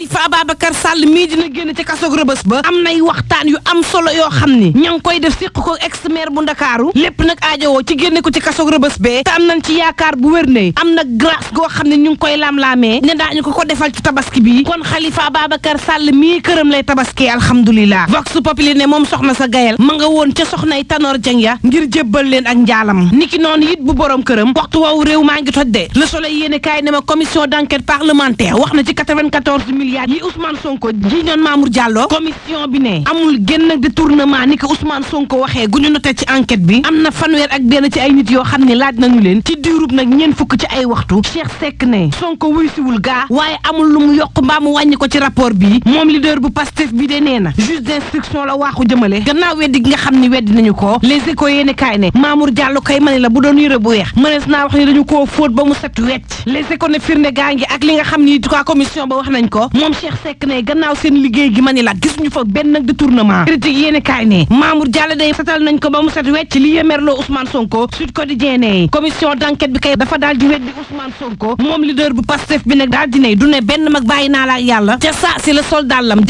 Xalifa Ababacar Sall mii dina génn ci kasoog rëbës ba am nay waxtaan yu am solo yoo xam ni ña ngi koy def séq ko ex maire bu ndakaaru lépp nag aajowoo ci génne ko ci kasoog rëbës bee te am nañ ci yaakaar bu wër ne am na grâce goo xam ne ñu ngi koy laam-laamee ne ñu ko ko defal ci tabaski bii kon Xalifa Ababacar Sall mii këram lay tabaski alhamdulilah Vox Populi ne moom soxna sa gayal ma nga woon ca soxnay Tanor Dieng ya ngir jébbal leen ak njaalam ni ki it bu borom këram waxtu réew maa ngi toj de Le Soleil yéene kaay ne ma commission d'enquête parlementaire wax milliards yi Ousmane Sonko ji ñoon Mamour Diallo commission bi ne amul génn détournement ni ko Ousmane Sonko waxee gu ñu noté ci enquête bi am na fanweer ak benn ci ay nit yoo xam ne laaj nañu leen ci diirub nag ñeen fukk ci ay waxtu Cheikh Seck ne Sonko wuy siwul gaa waaye amul lu mu yokk mbaa mu wàññi ko ci rapport bi moom leader bu Pastef bi de nee na juge d'instruction la waaxu jëmale gannaaw weddi gi nga xam ne weddi nañu ko les échos yéeni kaay ne ba wax nañ ko moom Cheikh Seck ne gannaaw seen liggéey gi ma ni la gis ñu fa benn nag détournement critique kaay ne Mamour Diallo day setal nañ ko ba mu set wecc li yemerloo Ousmane Sonko Sud Quotidien ne commission d'enquête di weddi Ousmane Sonko moom leader naa la ak yàlla la soldat lam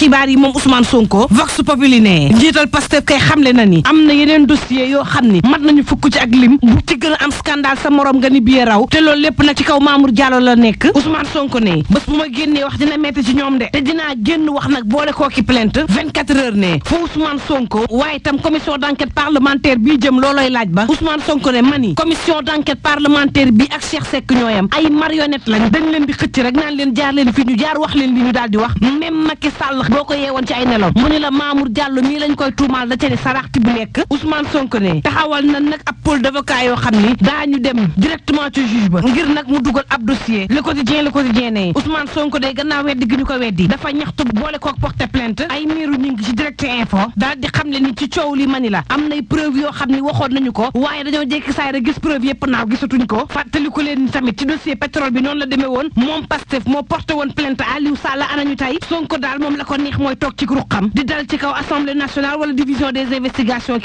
xibaar yi moom Ousmane Sonko Vox Populi ne njiital Pastef kay xamle na ni am na yeneen dossier yoo xam ni mat nañu fukk ci ak lim bu ci gën a am scandale sa morom nga ni biye raw te loolu lépp nag ci kaw Mamour Diallo la nekk Ousmane Sonko ne bés bu ma ñuy wax dina metti ci ñoom de te dinaa génn wax nag boole koo ki plainte 24 heures ne fa Ousmane Sonko waaye itam commission d' enquête parlementaire bii jëm loolooy laaj ba Ousmane Sonko ne mani commission d' enquête parlementaire bi ak Cheikh Seck ñooyam ay marionnette lañ dañ leen di xëcc rek naan leen jaar leen fi ñu jaar wax leen li ñu daal di wax même Macky Sall boo ko yeewoon ci ay nelaw mu ni la Mamour Diallo mii lañ koy tuumaal da ca ne saraxti bu nekk Ousmane Sonko ne na nag ab d' avocat yoo xam ni daañu dem directement ci juge ba nag mu dugal ab dossier le quotidien le quotidien ne Ousmane Sonko de waaye gannaaw weddi gi ñu ko weddi dafa ñaxtu boole kook porte plainte ay miiru ñu ci direct info daal di xam le ni ci coow li la am nay preuve yoo xam ni waxoon nañu ko waaye dañoo jékki saay rek gis preuve yëpp naaw gisatuñ ko fàttaliku leen tamit ci dossier pétrole bi noonu la demee woon moom Pastef moo porté woon plainte Aliou Sall anañu tey Sonko daal moom la ko neex mooy toog ci ruqam di dal ci kaw assemblée nationale wala division des investigations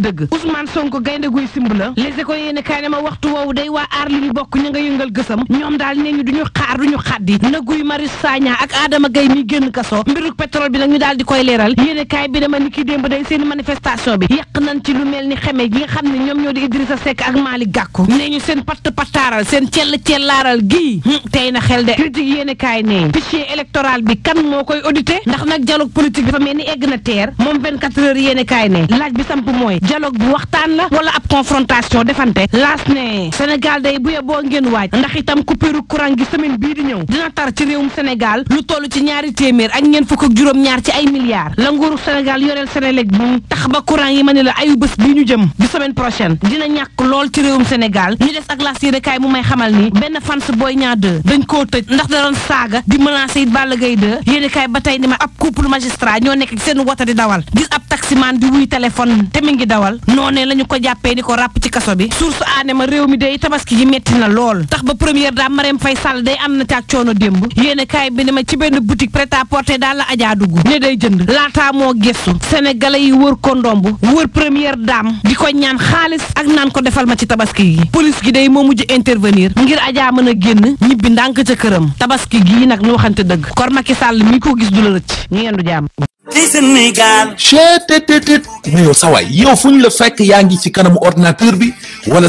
dëgg-dëgg Ousmane Sonko gaynde guy simb la ko Échos yéene kaay ma waxtu woowu day waa aar li ñu bokk ñu nga yëngal gësam ñoom daal nee ñu duñu milliards du ñu xaddi na Guy Marius Sagna ak Adama Gaye mi génn kaso mbiruk pétrole bi nag ñu daal koy leeral yéene kaay bi dama ni ki démb day seen manifestation bi yàq nañ ci lu mel ni xeme gi nga xam ne ñoom ñoo di Idrissa Seck ak Malick Gakou nee ñu seen patt pattaaral seen cell cellaaral gii tey na xel de critique yéene kaay ne kan moo koy audité na teer moom 24 laaj bi samp mooy dialogue bu waxtaan la wala ab confrontation defante laas ne Sénégal day bu yeboo ngeen waaj ndax itam coupure courant gi bii di ñëw dina tar ci réewum Sénégal lu toll ci ñaari téeméer ak ñeent fukk ak juróom-ñaar ci ay milliards la nguuru Sénégal yoreel Sénélec bi tax ba courant yi ma ne la ayu bés bii ñu jëm di semaine prochaine dina ñàkk lool ci réewum Sénégal ñu des ak las yéenekaay mu may xamal ni benn fans Boy Niang 2 dañ koo tëj ndax da doon saaga di menacer it Balla Gaye 2 yéenekaay ba tey ni ma ab couple magistrat ñoo nekk seen wota di dawal gis ab taximan di wuy téléphone te mi ngi dawal noonee la ñu ko jàppee ni ko ràpp ci kaso bi source ma réew mi day tabaski ji metti na lool tax ba première dame Marème Faye Sall day am ànd na ci ak coono démb yéene kaay bi ne ma ci benn boutique prêt à porter daal la ajaa dugg ne day jënd laataa moo gestu sénégalais yi wër ko ndomb wër première dame di ko ñaan xaalis ak naan ko defal ma ci tabaski gi police gi day moo mujj intervenir ngir ajaa mën a génn ñibbi ndànk ca këram tabaski gi nag ñu waxante dëgg kor Macky Sall mi ko gis du la rëcc ngeendu jàmm ci Sénégal chettt mais yow sa waay yow fu ñu la fekk yaa ngi ci kanamu ordinateur bi wala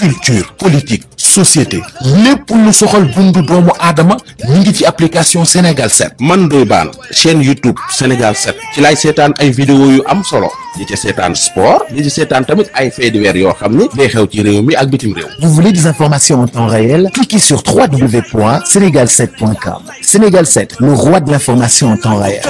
culture politique société lépp lu soxal dundu doomu aadama ñu ngi ci application Sénégal set man Ndoye Bane chaîne YouTube Sénégal 7 ci laay seetaan ay vidéo yu am solo di ci seetaan sport di ci seetaan tamit ay faits divers yoo xam ni day xew ci réew mi ak bitim réew. Vous voulez des informations en temps réel? Cliquez sur wwwsénégal Sénégal set le roi de l'information en temps réel.